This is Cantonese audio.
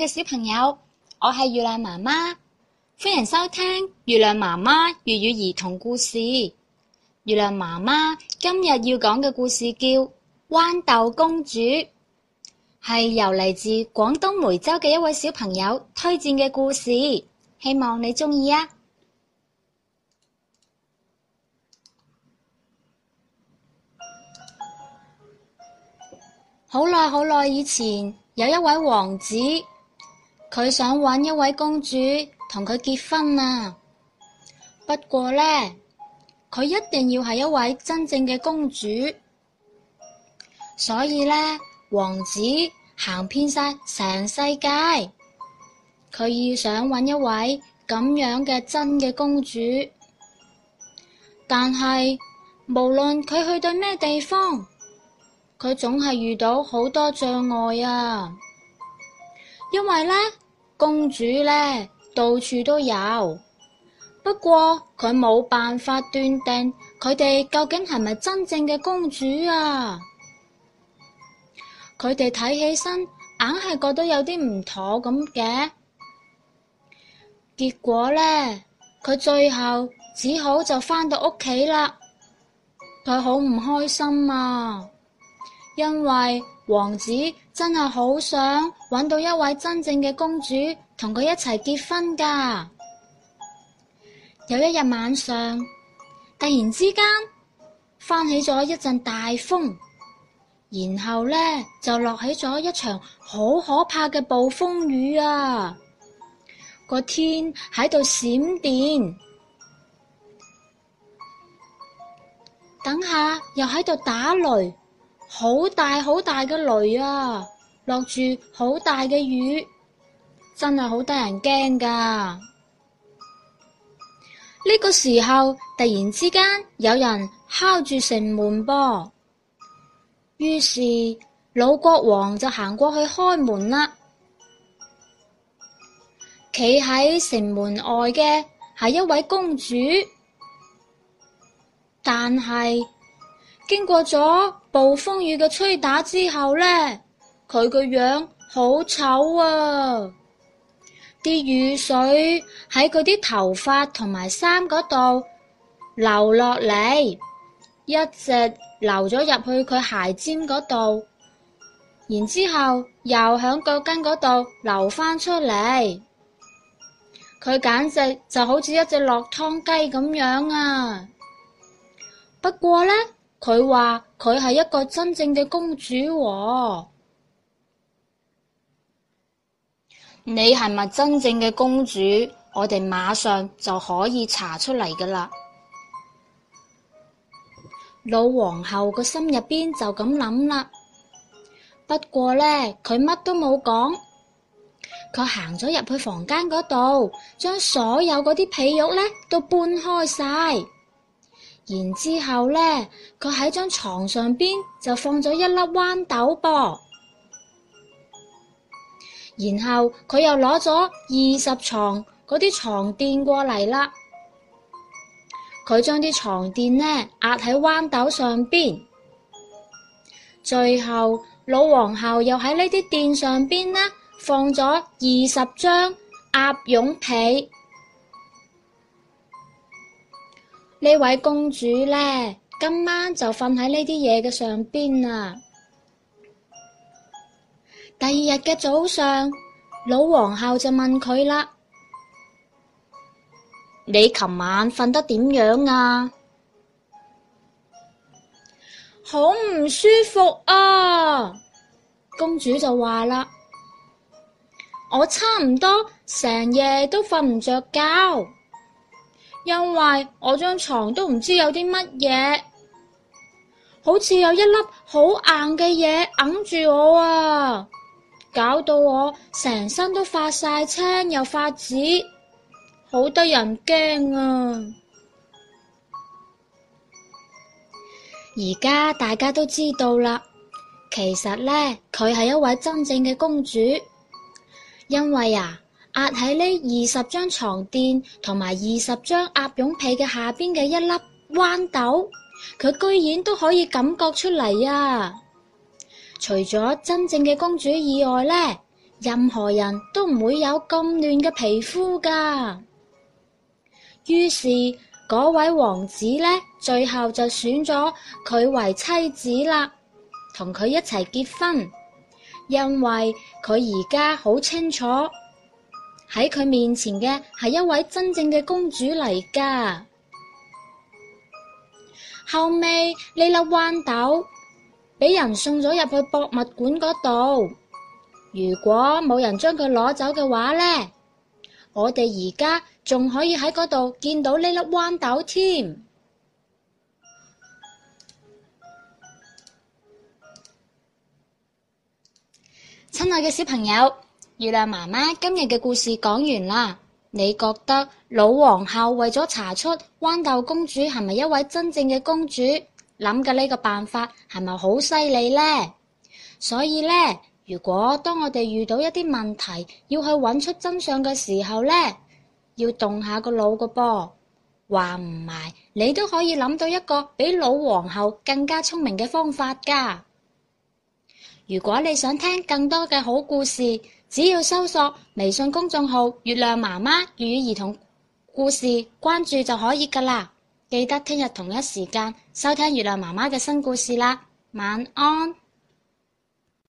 嘅小朋友，我係月亮媽媽，歡迎收聽月亮媽媽粵語兒童故事。月亮媽媽今日要講嘅故事叫《豌豆公主》，係由嚟自廣東梅州嘅一位小朋友推薦嘅故事，希望你鍾意啊！好耐好耐以前，有一位王子。佢想揾一位公主同佢結婚啊！不過呢，佢一定要係一位真正嘅公主，所以呢，王子行遍晒成世界，佢要想揾一位咁樣嘅真嘅公主。但係無論佢去到咩地方，佢總係遇到好多障礙啊！因為呢，公主呢，到處都有，不過佢冇辦法斷定佢哋究竟係咪真正嘅公主啊！佢哋睇起身，硬係覺得有啲唔妥咁嘅。結果呢，佢最後只好就返到屋企啦。佢好唔開心啊，因為。王子真係好想揾到一位真正嘅公主，同佢一齊結婚㗎。有一日晚上，突然之間，翻起咗一陣大風，然後呢，就落起咗一場好可怕嘅暴風雨啊！個天喺度閃電，等下又喺度打雷。好大好大嘅雷啊！落住好大嘅雨，真係好得人驚噶！呢個時候突然之間有人敲住城門噃，於是老國王就行過去開門啦。企喺城門外嘅係一位公主，但係。經過咗暴風雨嘅吹打之後呢，佢個樣好醜啊！啲雨水喺佢啲頭髮同埋衫嗰度流落嚟，一直流咗入去佢鞋尖嗰度，然之後又響腳跟嗰度流返出嚟。佢簡直就好似一隻落湯雞咁樣啊！不過呢。佢話佢係一個真正嘅公主喎，你係咪真正嘅公主？我哋馬上就可以查出嚟㗎啦！老皇后個心入邊就咁諗啦。不過呢，佢乜都冇講，佢行咗入去房間嗰度，將所有嗰啲被褥呢都搬開晒。然之後呢，佢喺張床上邊就放咗一粒豌豆噃，然後佢又攞咗二十床嗰啲床墊過嚟啦，佢將啲床墊呢壓喺豌豆上邊，最後老皇后又喺呢啲墊上邊呢放咗二十張鴨絨被。呢位公主咧，今晚就瞓喺呢啲嘢嘅上邊啦。第二日嘅早上，老皇后就問佢啦：「你琴晚瞓得點樣啊？好唔舒服啊！」公主就話啦：「我差唔多成夜都瞓唔着覺。」因為我張床都唔知有啲乜嘢，好似有一粒好硬嘅嘢揞住我啊，搞到我成身都發晒青又發紫，好得人驚啊！而家大家都知道啦，其實呢，佢係一位真正嘅公主，因為啊。壓喺呢二十張床墊同埋二十張鴨絨被嘅下邊嘅一粒豌豆，佢居然都可以感覺出嚟啊！除咗真正嘅公主以外呢，呢任何人都唔會有咁嫩嘅皮膚噶。於是嗰位王子呢，最後就選咗佢為妻子啦，同佢一齊結婚，因為佢而家好清楚。喺佢面前嘅係一位真正嘅公主嚟噶。後尾，呢粒豌豆俾人送咗入去博物館嗰度。如果冇人將佢攞走嘅話呢，我哋而家仲可以喺嗰度見到呢粒豌豆添。親愛嘅小朋友。月亮媽媽今日嘅故事講完啦。你覺得老皇后為咗查出豌豆公主係咪一位真正嘅公主，諗嘅呢個辦法係咪好犀利呢？所以呢，如果當我哋遇到一啲問題要去揾出真相嘅時候呢，要動下個腦個噃。話唔埋，你都可以諗到一個比老皇后更加聰明嘅方法噶。如果你想聽更多嘅好故事，只要搜索微信公眾號《月亮媽媽與兒童故事》，關注就可以㗎喇。記得聽日同一時間收聽月亮媽媽嘅新故事啦。晚安。